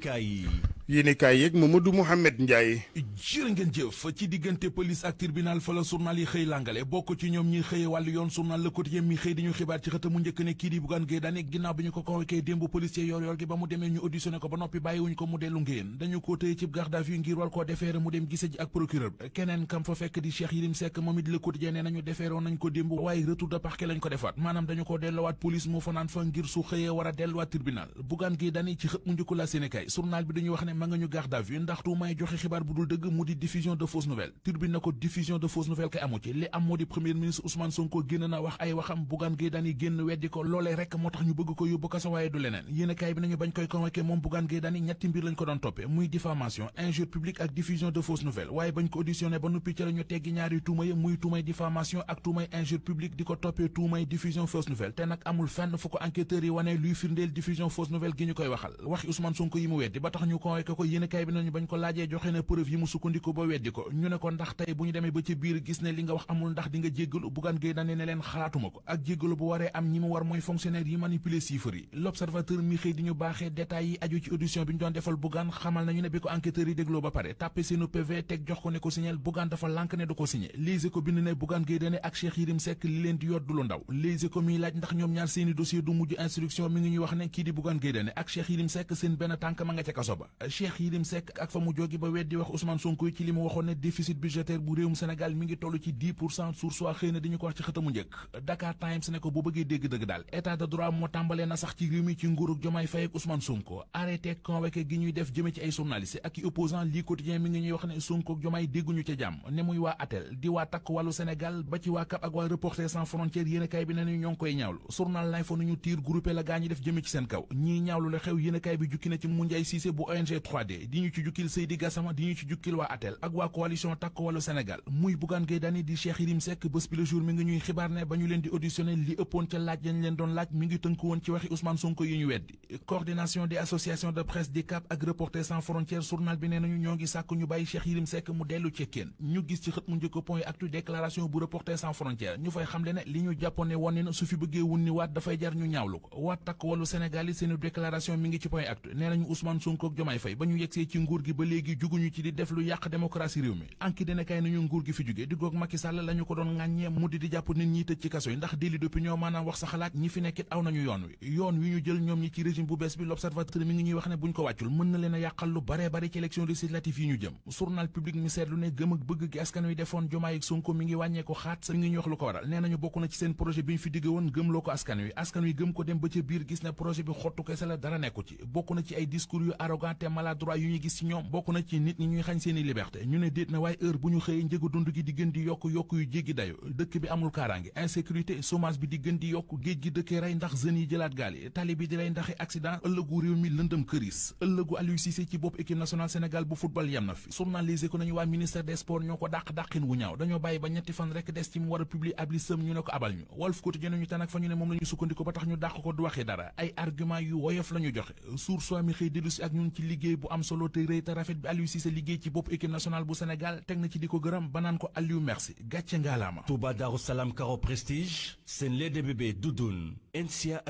Fica aí. yéenekaay yeeg Mamadou Mouhamed Ndiaye jërë ngeen jëf moom a delluwaat tribunal Bougane Gueye mu njëkku la Sénégal journal bi dañuy wax ne ma garda garde à vue ndax tuumaay joxe xibar bu dul dëgg di diffusion de fausses nouvelles turbine nako diffusion de fausses nouvelles kay amu ci li am modi premier ministre Ousmane Sonko génn na wax ay waxam bugan Gueye dani génn weddi ko lolé rek motax ñu bëgg ko yobbu kassa waye du lenen yene kay bi nañu bañ koy convoquer mom bugan Gueye dani ñetti mbir lañ ko don topé muy diffamation injure publique ak diffusion de fausses nouvelles waye bañ ko auditionné ba noppi ci lañu ñu ñaari tuuma ya muy tuumay diffamation ak tuumay injure publique diko topé toppee diffusion fausse nouvelle té nak amul fenn fuko enquêteur yi wané luy firndel diffusion fausse nouvelle gi ñu koy waxal waxi Ousmane Sonko yi mu weddi ba tax ñu convoqué fekk ko yéen kaay bi nañu bañ ko laajee joxe na preuve yi mu sukkandiku ba weddi ko ñu ne ko ndax tey bu ñu demee ba ci biir gis ne li nga wax amul ndax di nga jéggalu Bougane Gueye Dany ne leen xalaatuma ko ak jéggalu bu waree am ñi mu war mooy fonctionnaire yi manipuler chiffres yi l'observateur mi xëy di ñu baaxee détails yi aju ci audition bi ñu doon defal Bougane xamal nañu ne bi ko enquêteurs yi dégloo ba pare tàppe seenu PV teg jox ko ne ko signal leen di yot du lu ndaw Les Échos mi laaj ndax ñoom ne kii di Bougane Gueye Dany ak Cheikh Yérim Seck seen benn Cheikh Yérim Seck ak fa mu jóge ba weddi wax Ousmane Sonko ci li mu waxoon ne déficit budgétaire bu réewum Sénégal mi ngi toll ci 10 xëy na dañu ko wax ci xëtamu njëkk Dakar Times ne ko bu bëggee dégg-dëgg daal état de droit moo tàmbalee na sax ci réew mi ci nguurug Jomaay Faye ak Ousmane Sonko arrêté convoqué gi ñuy def jëme ci ay journaliste ak i opposant lii quotidien mi ngi ñuy wax ne Sonko ak Jomaay dégguñu ca jàmm ne muy waa atel projet 3 di ñu ci jukkil Seydi Gassama di ñu ci jukkil waa ATEL ak waa coalition Takku Wallu Sénégal muy Bougane Gueye Dany di Cheikh Yérim Seck bés bi le jour mi ngi ñuy xibaar ne ba ñu leen di auditionné li ëppoon ca laaj yañ leen doon laaj mi ngi tënk woon ci waxi Ousmane Sonko yi ñu weddi coordination des associations de presse di CAP ak Reporters sans frontières journal bi nee nañu ñoo ngi sàkk ñu bàyyi Cheikh Yérim Seck mu dellu ci ñu gis ci xët mu Faye ba ñu yegsee ci nguur gi ba léegi juguñu ci di def lu yàq démocratie réew mi anki dina nañu nguur gi fi jógee di goog Macky Sall ko doon ŋàññee mu di di jàpp nit ñi tëj ci kaso yi ndax délit d'opinion maanaam wax sa xalaat ñi fi nekkit aw nañu yoon wi yoon wi ñu jël ñoom ñi ci régime bu bees bi l'observateur mi ngi ñuy wax ne buñ ko wàccul mën na leen yàqal lu bare bare ci élection législative yi ñu jëm journal public mi seetlu ne gëm ak bëgg maladroit yu ñu gis ci ñoom bokk na ci nit ñi ñuy xañ seeni liberté ñu ne déet na waaye heure bu ñu xëyee njëgu dund gi di gën di yokk yokk yu jéggi dayo dëkk bi amul kaaraange insécurité chômage bi di gën di yokk géej gi dëkkee rey ndax jeunes yi jëlaat gaal yi di lay ndaxi accident ëllëgu réew mi lëndëm këris ëllëgu Aliou Cissé ci bopp équipe nationale Sénégal bu football yem na fi journalisé ko nañu waa ministère des sports ñoo ko dàq dàqin wu liggéey bu am solo te rëy ta rafet bi Aliou Cissé liggéey ci bopp équipe nationale bu Sénégal teg na ci di ko gërëm ba ko Aliou merci gàcce ngaalaama Touba Darou Salam Karo Prestige seen lee débébé Doudoun ncia